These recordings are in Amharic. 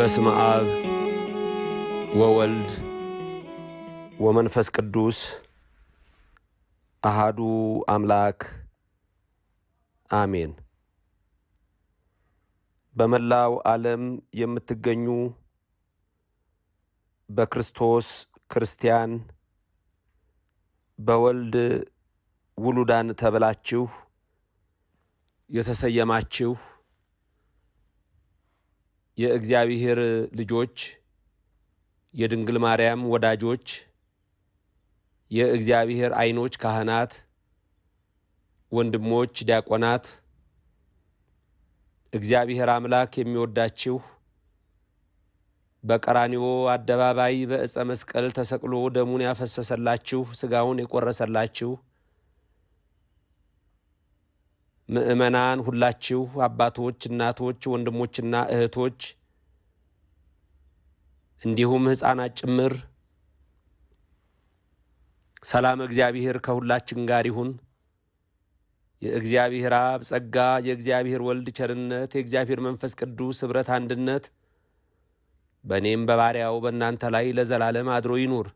በስመ አብ ወወልድ ወመንፈስ ቅዱስ አሃዱ አምላክ አሜን። በመላው ዓለም የምትገኙ በክርስቶስ ክርስቲያን በወልድ ውሉዳን ተብላችሁ የተሰየማችሁ የእግዚአብሔር ልጆች፣ የድንግል ማርያም ወዳጆች፣ የእግዚአብሔር አይኖች ካህናት፣ ወንድሞች ዲያቆናት፣ እግዚአብሔር አምላክ የሚወዳችሁ በቀራኒዎ አደባባይ በእፀ መስቀል ተሰቅሎ ደሙን ያፈሰሰላችሁ ስጋውን የቆረሰላችሁ ምዕመናን ሁላችሁ አባቶች፣ እናቶች፣ ወንድሞችና እህቶች እንዲሁም ሕፃናት ጭምር ሰላም እግዚአብሔር ከሁላችን ጋር ይሁን። የእግዚአብሔር አብ ጸጋ፣ የእግዚአብሔር ወልድ ቸርነት፣ የእግዚአብሔር መንፈስ ቅዱስ ኅብረት አንድነት በእኔም በባሪያው በእናንተ ላይ ለዘላለም አድሮ ይኑር።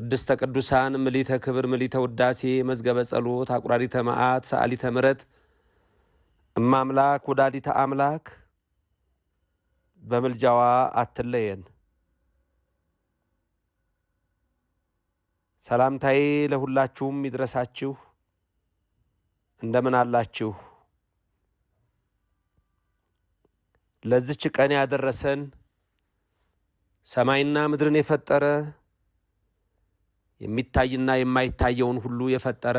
ቅድስተ ቅዱሳን ምሊተ ክብር ምሊተ ውዳሴ መዝገበ ጸሎት አቁራሪተ መዓት ሰዓሊተ ምረት እማምላክ ወዳዲተ አምላክ በምልጃዋ አትለየን። ሰላምታዬ ለሁላችሁም ይድረሳችሁ። እንደምን አላችሁ? ለዚች ቀን ያደረሰን ሰማይና ምድርን የፈጠረ የሚታይና የማይታየውን ሁሉ የፈጠረ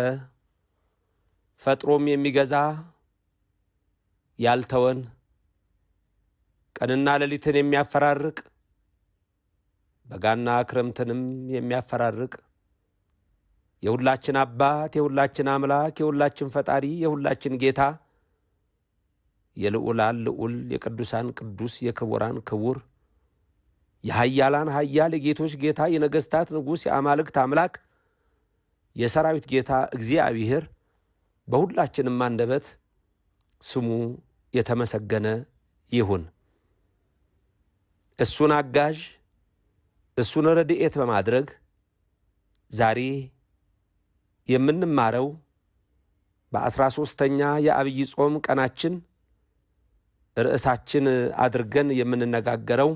ፈጥሮም የሚገዛ ያልተወን ቀንና ሌሊትን የሚያፈራርቅ በጋና ክረምትንም የሚያፈራርቅ የሁላችን አባት የሁላችን አምላክ የሁላችን ፈጣሪ የሁላችን ጌታ የልዑላን ልዑል የቅዱሳን ቅዱስ የክቡራን ክቡር የሀያላን ሀያል የጌቶች ጌታ የነገስታት ንጉሥ የአማልክት አምላክ የሰራዊት ጌታ እግዚአብሔር በሁላችንም አንደበት ስሙ የተመሰገነ ይሁን። እሱን አጋዥ እሱን ረድኤት በማድረግ ዛሬ የምንማረው በአስራ ሦስተኛ የአብይ ጾም ቀናችን ርዕሳችን አድርገን የምንነጋገረው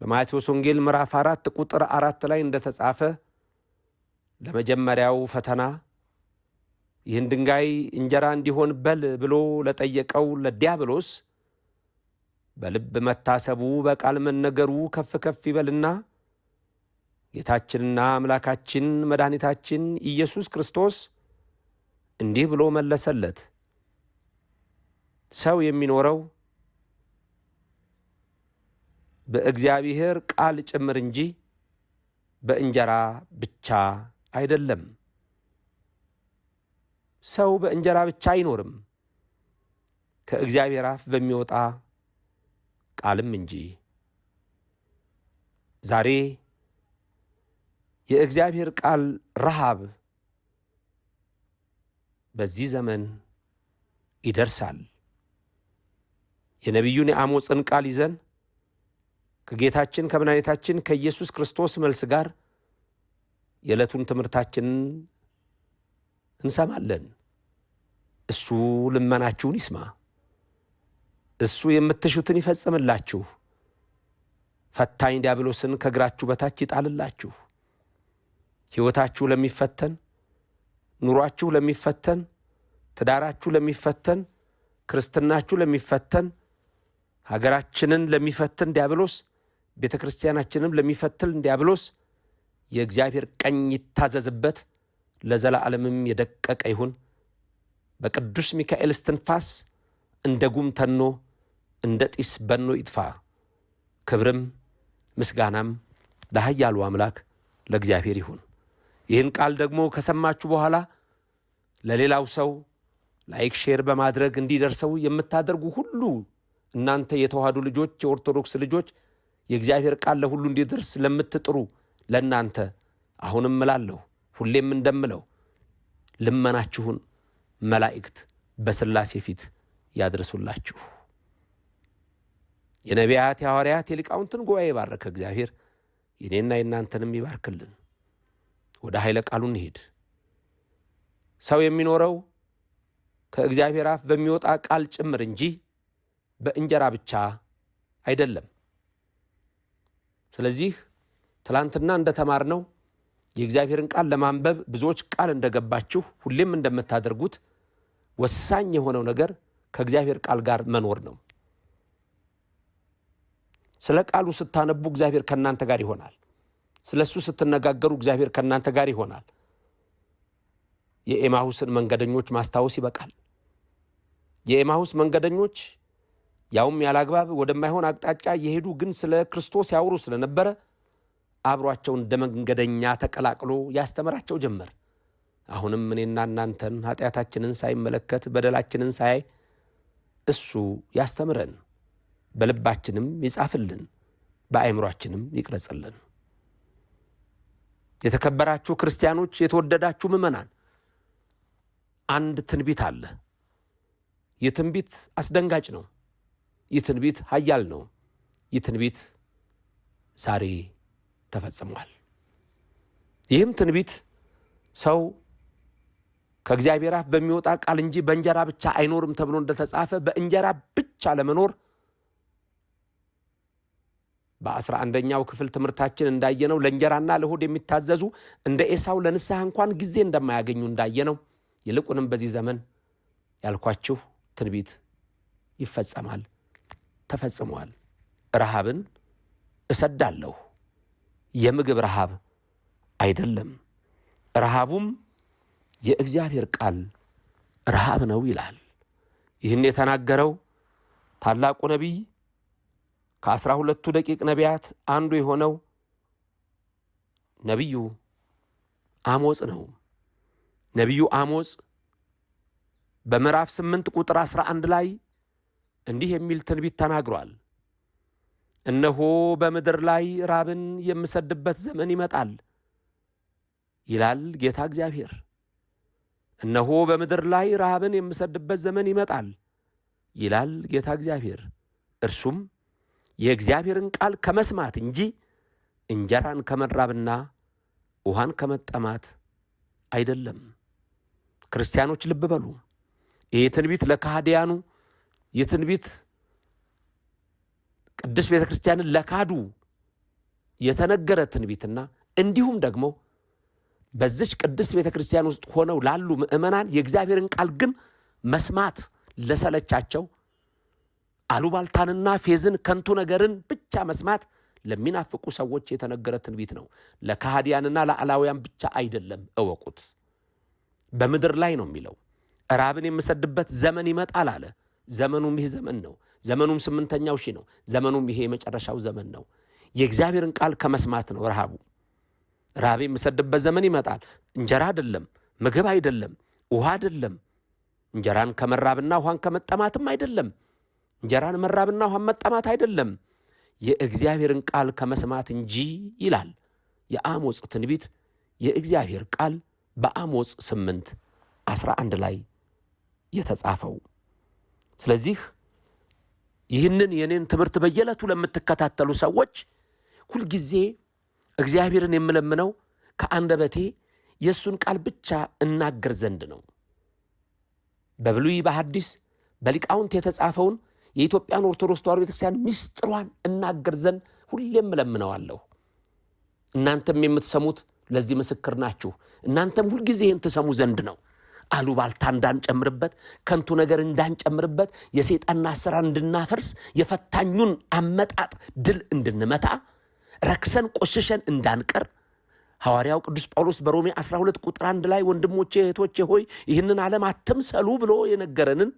በማቴዎስ ወንጌል ምዕራፍ አራት ቁጥር አራት ላይ እንደተጻፈ ለመጀመሪያው ፈተና ይህን ድንጋይ እንጀራ እንዲሆን በል ብሎ ለጠየቀው ለዲያብሎስ በልብ መታሰቡ በቃል መነገሩ ከፍ ከፍ ይበልና ጌታችንና አምላካችን መድኃኒታችን ኢየሱስ ክርስቶስ እንዲህ ብሎ መለሰለት ሰው የሚኖረው በእግዚአብሔር ቃል ጭምር እንጂ በእንጀራ ብቻ አይደለም። ሰው በእንጀራ ብቻ አይኖርም ከእግዚአብሔር አፍ በሚወጣ ቃልም እንጂ። ዛሬ የእግዚአብሔር ቃል ረሃብ በዚህ ዘመን ይደርሳል። የነቢዩን የአሞጽን ቃል ይዘን ከጌታችን ከመድኃኒታችን ከኢየሱስ ክርስቶስ መልስ ጋር የዕለቱን ትምህርታችንን እንሰማለን። እሱ ልመናችሁን ይስማ፣ እሱ የምትሹትን ይፈጽምላችሁ፣ ፈታኝ ዲያብሎስን ከእግራችሁ በታች ይጣልላችሁ። ሕይወታችሁ ለሚፈተን፣ ኑሯችሁ ለሚፈተን፣ ትዳራችሁ ለሚፈተን፣ ክርስትናችሁ ለሚፈተን፣ ሀገራችንን ለሚፈትን ዲያብሎስ ቤተ ክርስቲያናችንም ለሚፈትል ዲያብሎስ የእግዚአብሔር ቀኝ ይታዘዝበት፣ ለዘላለምም የደቀቀ ይሁን። በቅዱስ ሚካኤል እስትንፋስ እንደ ጉም ተኖ እንደ ጢስ በኖ ይጥፋ። ክብርም ምስጋናም ለኃያሉ አምላክ ለእግዚአብሔር ይሁን። ይህን ቃል ደግሞ ከሰማችሁ በኋላ ለሌላው ሰው ላይክ፣ ሼር በማድረግ እንዲደርሰው የምታደርጉ ሁሉ እናንተ የተዋህዱ ልጆች የኦርቶዶክስ ልጆች የእግዚአብሔር ቃል ለሁሉ እንዲደርስ ለምትጥሩ ለእናንተ አሁንም እላለሁ ሁሌም እንደምለው ልመናችሁን መላእክት በስላሴ ፊት ያድርሱላችሁ። የነቢያት የሐዋርያት የሊቃውንትን ጉባኤ የባረከ እግዚአብሔር የኔና የእናንተንም ይባርክልን። ወደ ኃይለ ቃሉ እንሄድ። ሰው የሚኖረው ከእግዚአብሔር አፍ በሚወጣ ቃል ጭምር እንጂ በእንጀራ ብቻ አይደለም። ስለዚህ ትላንትና እንደተማርነው የእግዚአብሔርን ቃል ለማንበብ ብዙዎች ቃል እንደገባችሁ ሁሌም እንደምታደርጉት ወሳኝ የሆነው ነገር ከእግዚአብሔር ቃል ጋር መኖር ነው። ስለ ቃሉ ስታነቡ እግዚአብሔር ከእናንተ ጋር ይሆናል። ስለ እሱ ስትነጋገሩ እግዚአብሔር ከእናንተ ጋር ይሆናል። የኤማሁስን መንገደኞች ማስታወስ ይበቃል። የኤማሁስ መንገደኞች ያውም ያላግባብ ወደማይሆን አቅጣጫ የሄዱ ግን ስለ ክርስቶስ ያውሩ ስለነበረ አብሯቸው እንደ መንገደኛ ተቀላቅሎ ያስተምራቸው ጀመር። አሁንም እኔና እናንተን ኃጢአታችንን ሳይመለከት በደላችንን ሳይ እሱ ያስተምረን፣ በልባችንም ይጻፍልን፣ በአእምሯችንም ይቅረጽልን። የተከበራችሁ ክርስቲያኖች፣ የተወደዳችሁ ምዕመናን፣ አንድ ትንቢት አለ። ይህ ትንቢት አስደንጋጭ ነው። ይህ ትንቢት ኃያል ነው። ይህ ትንቢት ዛሬ ተፈጽሟል። ይህም ትንቢት ሰው ከእግዚአብሔር አፍ በሚወጣ ቃል እንጂ በእንጀራ ብቻ አይኖርም ተብሎ እንደተጻፈ በእንጀራ ብቻ ለመኖር በአስራ አንደኛው ክፍል ትምህርታችን እንዳየነው ለእንጀራና ለሆድ የሚታዘዙ እንደ ኤሳው ለንስሐ እንኳን ጊዜ እንደማያገኙ እንዳየነው ይልቁንም በዚህ ዘመን ያልኳችሁ ትንቢት ይፈጸማል። ተፈጽሟል። ረሃብን እሰዳለሁ። የምግብ ረሃብ አይደለም፣ ረሃቡም የእግዚአብሔር ቃል ረሃብ ነው ይላል። ይህን የተናገረው ታላቁ ነቢይ ከአስራ ሁለቱ ደቂቅ ነቢያት አንዱ የሆነው ነቢዩ አሞጽ ነው። ነቢዩ አሞጽ በምዕራፍ ስምንት ቁጥር አስራ አንድ ላይ እንዲህ የሚል ትንቢት ተናግሯል። እነሆ በምድር ላይ ራብን የምሰድበት ዘመን ይመጣል ይላል ጌታ እግዚአብሔር። እነሆ በምድር ላይ ረሃብን የምሰድበት ዘመን ይመጣል ይላል ጌታ እግዚአብሔር። እርሱም የእግዚአብሔርን ቃል ከመስማት እንጂ እንጀራን ከመራብና ውሃን ከመጠማት አይደለም። ክርስቲያኖች ልብ በሉ። ይህ ትንቢት ለካህዲያኑ የትንቢት ቅድስት ቤተ ክርስቲያንን ለካዱ የተነገረ ትንቢትና እንዲሁም ደግሞ በዚች ቅድስት ቤተ ክርስቲያን ውስጥ ሆነው ላሉ ምእመናን የእግዚአብሔርን ቃል ግን መስማት ለሰለቻቸው አሉባልታንና ፌዝን ከንቱ ነገርን ብቻ መስማት ለሚናፍቁ ሰዎች የተነገረ ትንቢት ነው። ለካሃዲያንና ለአላውያን ብቻ አይደለም፣ እወቁት። በምድር ላይ ነው የሚለው። ራብን የምሰድበት ዘመን ይመጣል አለ። ዘመኑም ይህ ዘመን ነው። ዘመኑም ስምንተኛው ሺ ነው። ዘመኑም ይሄ የመጨረሻው ዘመን ነው። የእግዚአብሔርን ቃል ከመስማት ነው ረሃቡ። ረሃብ የምሰድበት ዘመን ይመጣል። እንጀራ አይደለም፣ ምግብ አይደለም፣ ውሃ አይደለም። እንጀራን ከመራብና ውሃን ከመጠማትም አይደለም። እንጀራን መራብና ውሃን መጠማት አይደለም፣ የእግዚአብሔርን ቃል ከመስማት እንጂ ይላል የአሞጽ ትንቢት። የእግዚአብሔር ቃል በአሞጽ ስምንት አስራ አንድ ላይ የተጻፈው ስለዚህ ይህንን የኔን ትምህርት በየዕለቱ ለምትከታተሉ ሰዎች ሁልጊዜ እግዚአብሔርን የምለምነው ከአንደበቴ የእሱን ቃል ብቻ እናገር ዘንድ ነው። በብሉይ በሐዲስ በሊቃውንት የተጻፈውን የኢትዮጵያን ኦርቶዶክስ ተዋሕዶ ቤተክርስቲያን ምስጢሯን እናገር ዘንድ ሁሌም እለምነዋለሁ። እናንተም የምትሰሙት ለዚህ ምስክር ናችሁ። እናንተም ሁልጊዜ ይህን ትሰሙ ዘንድ ነው። አሉባልታ እንዳንጨምርበት፣ ከንቱ ነገር እንዳንጨምርበት፣ የሰይጣንን አሰራር እንድናፈርስ፣ የፈታኙን አመጣጥ ድል እንድንመታ፣ ረክሰን ቆሽሸን እንዳንቀር ሐዋርያው ቅዱስ ጳውሎስ በሮሜ 12 ቁጥር 1 ላይ ወንድሞቼ እህቶቼ ሆይ ይህንን ዓለም አትምሰሉ ብሎ የነገረንን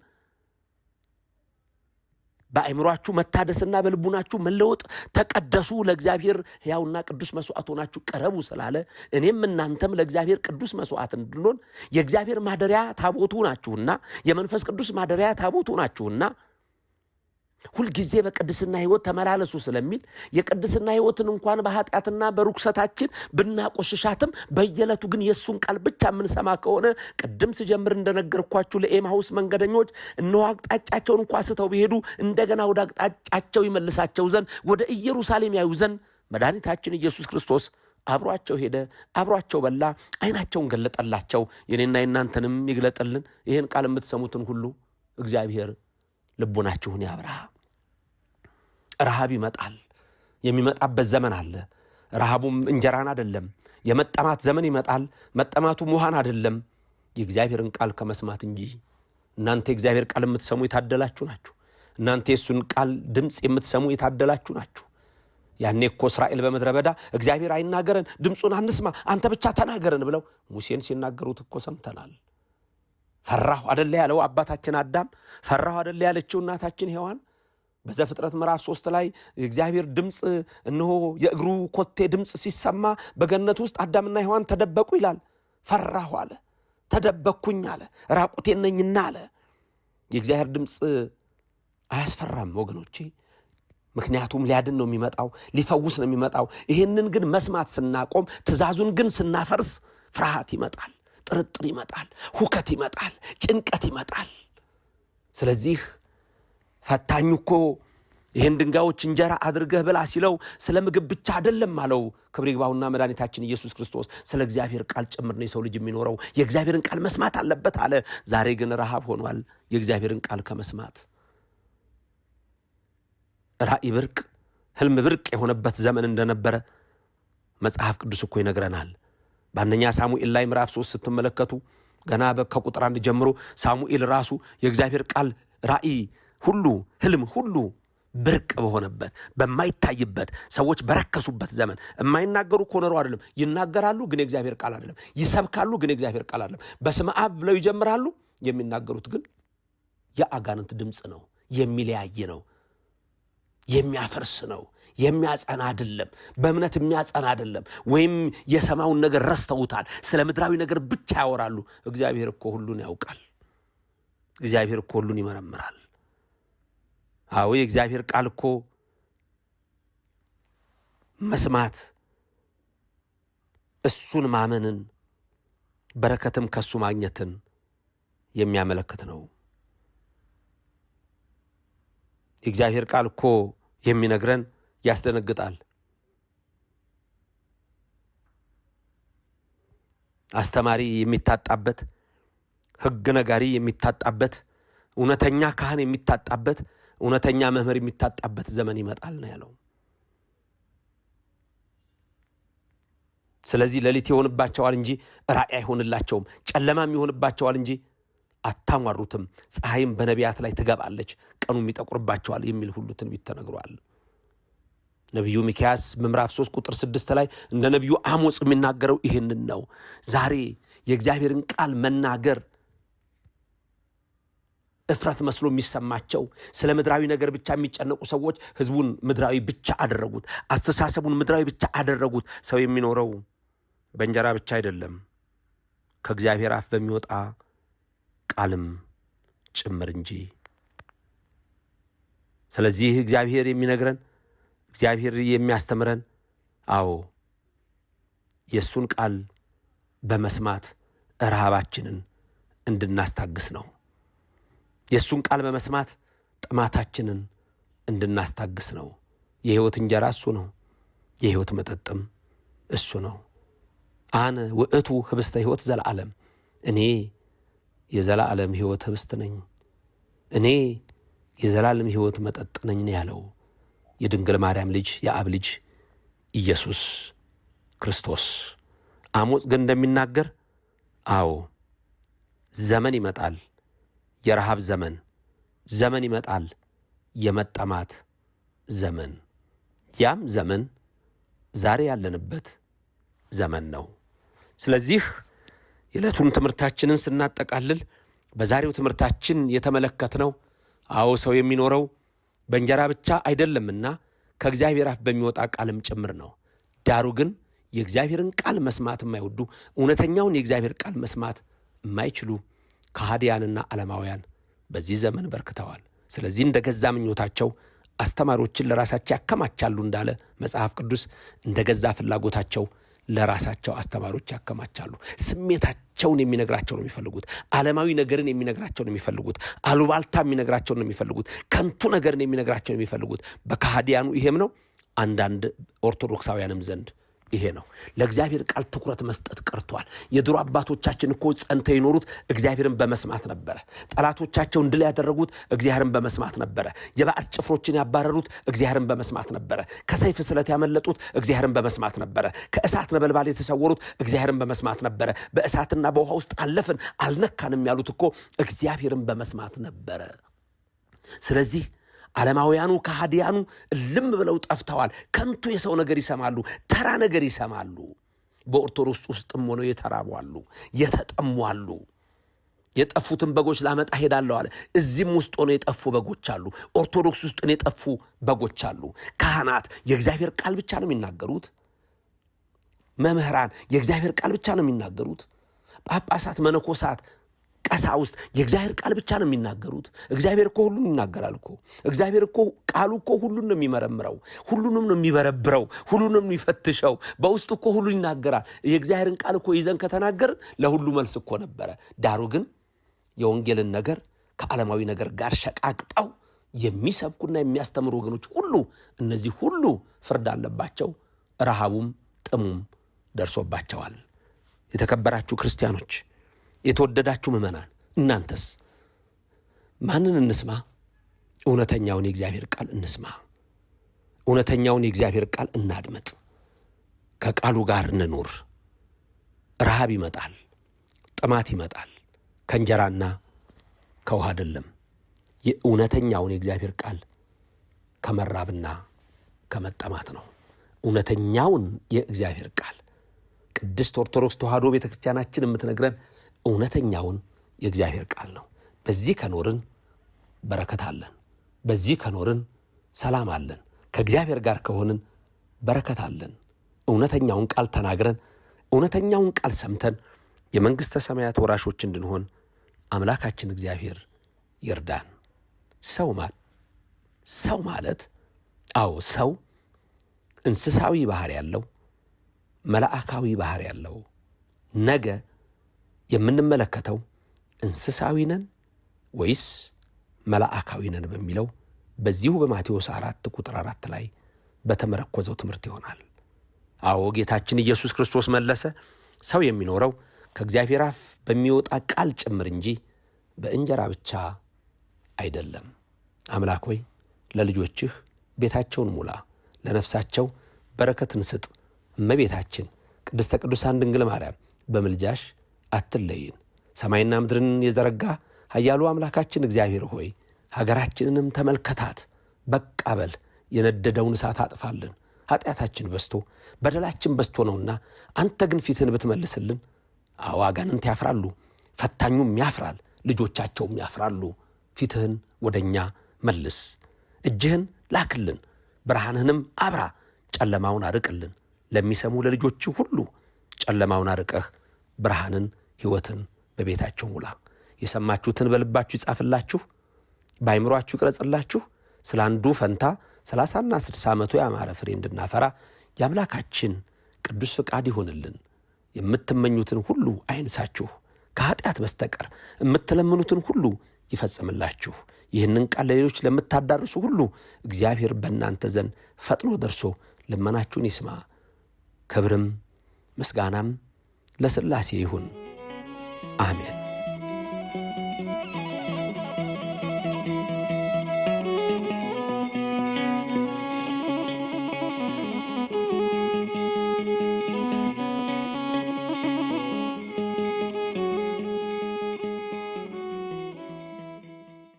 በአእምሯችሁ መታደስና በልቡናችሁ መለወጥ ተቀደሱ፣ ለእግዚአብሔር ሕያውና ቅዱስ መስዋዕት ሆናችሁ ቅረቡ ስላለ እኔም እናንተም ለእግዚአብሔር ቅዱስ መስዋዕት እንድንሆን የእግዚአብሔር ማደሪያ ታቦቱ ናችሁና የመንፈስ ቅዱስ ማደሪያ ታቦቱ ናችሁና ሁልጊዜ በቅድስና ህይወት ተመላለሱ ስለሚል የቅድስና ህይወትን እንኳን በኃጢአትና በርኩሰታችን ብናቆሽሻትም በየዕለቱ ግን የእሱን ቃል ብቻ የምንሰማ ከሆነ ቅድም ስጀምር እንደነገርኳችሁ ለኤማሁስ መንገደኞች እነሆ አቅጣጫቸውን እንኳ ስተው ቢሄዱ እንደገና ወደ አቅጣጫቸው ይመልሳቸው ዘንድ ወደ ኢየሩሳሌም ያዩ ዘንድ መድኃኒታችን ኢየሱስ ክርስቶስ አብሯቸው ሄደ፣ አብሯቸው በላ፣ አይናቸውን ገለጠላቸው። የኔና የናንተንም ይግለጥልን። ይህን ቃል የምትሰሙትን ሁሉ እግዚአብሔር ልቡናችሁን ያብርሃ። ረሃብ ይመጣል። የሚመጣበት ዘመን አለ። ረሃቡም እንጀራን አደለም። የመጠማት ዘመን ይመጣል። መጠማቱም ውሃን አደለም፣ የእግዚአብሔርን ቃል ከመስማት እንጂ። እናንተ የእግዚአብሔር ቃል የምትሰሙ የታደላችሁ ናችሁ። እናንተ የእሱን ቃል ድምፅ የምትሰሙ የታደላችሁ ናችሁ። ያኔ እኮ እስራኤል በምድረ በዳ እግዚአብሔር አይናገረን፣ ድምፁን አንስማ፣ አንተ ብቻ ተናገረን ብለው ሙሴን ሲናገሩት እኮ ሰምተናል። ፈራሁ አደለ ያለው አባታችን አዳም፣ ፈራሁ አደለ ያለችው እናታችን ሔዋን በዘፍጥረት ምዕራፍ ሶስት ላይ የእግዚአብሔር ድምፅ እነሆ የእግሩ ኮቴ ድምፅ ሲሰማ በገነት ውስጥ አዳምና ሔዋን ተደበቁ ይላል። ፈራሁ አለ፣ ተደበቅኩኝ አለ፣ ራቁቴ ነኝና አለ። የእግዚአብሔር ድምፅ አያስፈራም ወገኖቼ። ምክንያቱም ሊያድን ነው የሚመጣው፣ ሊፈውስ ነው የሚመጣው። ይህንን ግን መስማት ስናቆም፣ ትእዛዙን ግን ስናፈርስ ፍርሃት ይመጣል፣ ጥርጥር ይመጣል፣ ሁከት ይመጣል፣ ጭንቀት ይመጣል። ስለዚህ ፈታኝ እኮ ይህን ድንጋዮች እንጀራ አድርገህ ብላ ሲለው ስለ ምግብ ብቻ አይደለም አለው። ክብር ይግባውና መድኃኒታችን ኢየሱስ ክርስቶስ ስለ እግዚአብሔር ቃል ጭምር ነው የሰው ልጅ የሚኖረው። የእግዚአብሔርን ቃል መስማት አለበት አለ። ዛሬ ግን ረሃብ ሆኗል። የእግዚአብሔርን ቃል ከመስማት ራእይ ብርቅ፣ ህልም ብርቅ የሆነበት ዘመን እንደነበረ መጽሐፍ ቅዱስ እኮ ይነግረናል። በአንደኛ ሳሙኤል ላይ ምዕራፍ ሶስት ስትመለከቱ ገና ከቁጥር አንድ ጀምሮ ሳሙኤል ራሱ የእግዚአብሔር ቃል ራእይ ሁሉ ህልም ሁሉ ብርቅ በሆነበት በማይታይበት ሰዎች በረከሱበት ዘመን የማይናገሩ ኮነሩ አይደለም። ይናገራሉ፣ ግን የእግዚአብሔር ቃል አይደለም። ይሰብካሉ፣ ግን የእግዚአብሔር ቃል አይደለም። በስመ አብ ብለው ይጀምራሉ፣ የሚናገሩት ግን የአጋንንት ድምፅ ነው። የሚለያይ ነው፣ የሚያፈርስ ነው፣ የሚያጸና አይደለም። በእምነት የሚያጸና አይደለም። ወይም የሰማውን ነገር ረስተውታል። ስለ ምድራዊ ነገር ብቻ ያወራሉ። እግዚአብሔር እኮ ሁሉን ያውቃል። እግዚአብሔር እኮ ሁሉን ይመረምራል። አዎ የእግዚአብሔር ቃል እኮ መስማት እሱን ማመንን በረከትም ከሱ ማግኘትን የሚያመለክት ነው። የእግዚአብሔር ቃል እኮ የሚነግረን ያስደነግጣል። አስተማሪ የሚታጣበት፣ ሕግ ነጋሪ የሚታጣበት፣ እውነተኛ ካህን የሚታጣበት እውነተኛ መምህር የሚታጣበት ዘመን ይመጣል ነው ያለው። ስለዚህ ሌሊት ይሆንባቸዋል እንጂ ራእይ አይሆንላቸውም፣ ጨለማም ይሆንባቸዋል እንጂ አታሟሩትም፣ ፀሐይም በነቢያት ላይ ትገባለች፣ ቀኑም ይጠቁርባቸዋል የሚል ሁሉ ትንቢት ተነግሯል። ነቢዩ ሚኪያስ ምዕራፍ 3 ቁጥር 6 ላይ እንደ ነቢዩ አሞጽ የሚናገረው ይህንን ነው። ዛሬ የእግዚአብሔርን ቃል መናገር እፍረት መስሎ የሚሰማቸው ስለ ምድራዊ ነገር ብቻ የሚጨነቁ ሰዎች ህዝቡን ምድራዊ ብቻ አደረጉት። አስተሳሰቡን ምድራዊ ብቻ አደረጉት። ሰው የሚኖረው በእንጀራ ብቻ አይደለም፣ ከእግዚአብሔር አፍ በሚወጣ ቃልም ጭምር እንጂ። ስለዚህ እግዚአብሔር የሚነግረን እግዚአብሔር የሚያስተምረን አዎ የእሱን ቃል በመስማት ረሃባችንን እንድናስታግስ ነው። የእሱን ቃል በመስማት ጥማታችንን እንድናስታግስ ነው። የሕይወት እንጀራ እሱ ነው፣ የሕይወት መጠጥም እሱ ነው። አነ ውእቱ ህብስተ ሕይወት ዘለዓለም፣ እኔ የዘላለም ሕይወት ህብስት ነኝ፣ እኔ የዘላለም ሕይወት መጠጥ ነኝ ያለው የድንግል ማርያም ልጅ የአብ ልጅ ኢየሱስ ክርስቶስ። አሞጽ ግን እንደሚናገር አዎ ዘመን ይመጣል የረሃብ ዘመን ዘመን ይመጣል፣ የመጠማት ዘመን። ያም ዘመን ዛሬ ያለንበት ዘመን ነው። ስለዚህ የዕለቱን ትምህርታችንን ስናጠቃልል በዛሬው ትምህርታችን የተመለከትነው አዎ ሰው የሚኖረው በእንጀራ ብቻ አይደለምና ከእግዚአብሔር አፍ በሚወጣ ቃልም ጭምር ነው። ዳሩ ግን የእግዚአብሔርን ቃል መስማት የማይወዱ እውነተኛውን የእግዚአብሔር ቃል መስማት የማይችሉ ከሃዲያንና ዓለማውያን በዚህ ዘመን በርክተዋል። ስለዚህ እንደ ገዛ ምኞታቸው አስተማሪዎችን ለራሳቸው ያከማቻሉ እንዳለ መጽሐፍ ቅዱስ እንደ ገዛ ፍላጎታቸው ለራሳቸው አስተማሪዎች ያከማቻሉ። ስሜታቸውን የሚነግራቸው ነው የሚፈልጉት። ዓለማዊ ነገርን የሚነግራቸው ነው የሚፈልጉት። አሉባልታ የሚነግራቸው ነው የሚፈልጉት። ከንቱ ነገርን የሚነግራቸው ነው የሚፈልጉት። በካህዲያኑ ይሄም ነው፣ አንዳንድ ኦርቶዶክሳውያንም ዘንድ ይሄ ነው። ለእግዚአብሔር ቃል ትኩረት መስጠት ቀርቷል። የድሮ አባቶቻችን እኮ ጸንተ ይኖሩት እግዚአብሔርን በመስማት ነበረ። ጠላቶቻቸውን ድል ያደረጉት እግዚአብሔርን በመስማት ነበረ። የባዕድ ጭፍሮችን ያባረሩት እግዚአብሔርን በመስማት ነበረ። ከሰይፍ ስለት ያመለጡት እግዚአብሔርን በመስማት ነበረ። ከእሳት ነበልባል የተሰወሩት እግዚአብሔርን በመስማት ነበረ። በእሳትና በውሃ ውስጥ አለፍን አልነካንም ያሉት እኮ እግዚአብሔርን በመስማት ነበረ። ስለዚህ ዓለማውያኑ ከሃዲያኑ እልም ብለው ጠፍተዋል። ከንቱ የሰው ነገር ይሰማሉ፣ ተራ ነገር ይሰማሉ። በኦርቶዶክስ ውስጥም ሆነው የተራቧሉ የተጠሟሉ የተጠሙ የጠፉትን በጎች ላመጣ ሄዳለሁ አለ። እዚህም ውስጥ ሆነው የጠፉ በጎች አሉ። ኦርቶዶክስ ውስጥ የጠፉ በጎች አሉ። ካህናት የእግዚአብሔር ቃል ብቻ ነው የሚናገሩት። መምህራን የእግዚአብሔር ቃል ብቻ ነው የሚናገሩት። ጳጳሳት፣ መነኮሳት ቀሳውስት የእግዚአብሔር ቃል ብቻ ነው የሚናገሩት። እግዚአብሔር እኮ ሁሉን ይናገራል እኮ። እግዚአብሔር እኮ ቃሉ እኮ ሁሉን ነው የሚመረምረው፣ ሁሉንም ነው የሚበረብረው፣ ሁሉንም የሚፈትሸው። በውስጡ እኮ ሁሉ ይናገራል። የእግዚአብሔርን ቃል እኮ ይዘን ከተናገር ለሁሉ መልስ እኮ ነበረ። ዳሩ ግን የወንጌልን ነገር ከዓለማዊ ነገር ጋር ሸቃቅጠው የሚሰብኩና የሚያስተምሩ ወገኖች ሁሉ እነዚህ ሁሉ ፍርድ አለባቸው፣ ረሃቡም ጥሙም ደርሶባቸዋል። የተከበራችሁ ክርስቲያኖች የተወደዳችሁ ምእመናን እናንተስ ማንን እንስማ? እውነተኛውን የእግዚአብሔር ቃል እንስማ። እውነተኛውን የእግዚአብሔር ቃል እናድምጥ። ከቃሉ ጋር እንኑር። ረሃብ ይመጣል፣ ጥማት ይመጣል። ከእንጀራና ከውሃ አይደለም። የእውነተኛውን የእግዚአብሔር ቃል ከመራብና ከመጠማት ነው። እውነተኛውን የእግዚአብሔር ቃል ቅድስት ኦርቶዶክስ ተዋህዶ ቤተ ክርስቲያናችን የምትነግረን እውነተኛውን የእግዚአብሔር ቃል ነው። በዚህ ከኖርን በረከት አለን። በዚህ ከኖርን ሰላም አለን። ከእግዚአብሔር ጋር ከሆንን በረከት አለን። እውነተኛውን ቃል ተናግረን እውነተኛውን ቃል ሰምተን የመንግሥተ ሰማያት ወራሾች እንድንሆን አምላካችን እግዚአብሔር ይርዳን። ሰው ሰው ማለት አዎ ሰው እንስሳዊ ባህር ያለው መላእካዊ ባህር ያለው ነገ የምንመለከተው እንስሳዊ ነን ወይስ መላእካዊ ነን በሚለው በዚሁ በማቴዎስ አራት ቁጥር አራት ላይ በተመረኮዘው ትምህርት ይሆናል። አዎ ጌታችን ኢየሱስ ክርስቶስ መለሰ፣ ሰው የሚኖረው ከእግዚአብሔር አፍ በሚወጣ ቃል ጭምር እንጂ በእንጀራ ብቻ አይደለም። አምላክ ሆይ ለልጆችህ ቤታቸውን ሙላ፣ ለነፍሳቸው በረከትን ስጥ። እመቤታችን ቅድስተ ቅዱሳን ድንግል ማርያም በምልጃሽ አትለይን። ሰማይና ምድርን የዘረጋ ኃያሉ አምላካችን እግዚአብሔር ሆይ ሀገራችንንም ተመልከታት፣ በቃ በል የነደደውን እሳት አጥፋልን። ኃጢአታችን በስቶ በደላችን በስቶ ነውና አንተ ግን ፊትህን ብትመልስልን፣ አዎ አጋንንት ያፍራሉ፣ ፈታኙም ያፍራል፣ ልጆቻቸውም ያፍራሉ። ፊትህን ወደ እኛ መልስ፣ እጅህን ላክልን፣ ብርሃንህንም አብራ፣ ጨለማውን አርቅልን። ለሚሰሙ ለልጆች ሁሉ ጨለማውን አርቀህ ብርሃንን ሕይወትን በቤታቸው ሙላ። የሰማችሁትን በልባችሁ ይጻፍላችሁ፣ በአይምሯችሁ ይቅረጽላችሁ። ስለ አንዱ ፈንታ ሰላሳና ስድሳ መቶ ያማረ ፍሬ እንድናፈራ የአምላካችን ቅዱስ ፍቃድ ይሆንልን። የምትመኙትን ሁሉ አይንሳችሁ፣ ከኃጢአት በስተቀር የምትለምኑትን ሁሉ ይፈጽምላችሁ። ይህንን ቃል ለሌሎች ለምታዳርሱ ሁሉ እግዚአብሔር በእናንተ ዘንድ ፈጥኖ ደርሶ ልመናችሁን ይስማ። ክብርም ምስጋናም ለሥላሴ ይሁን። Amen.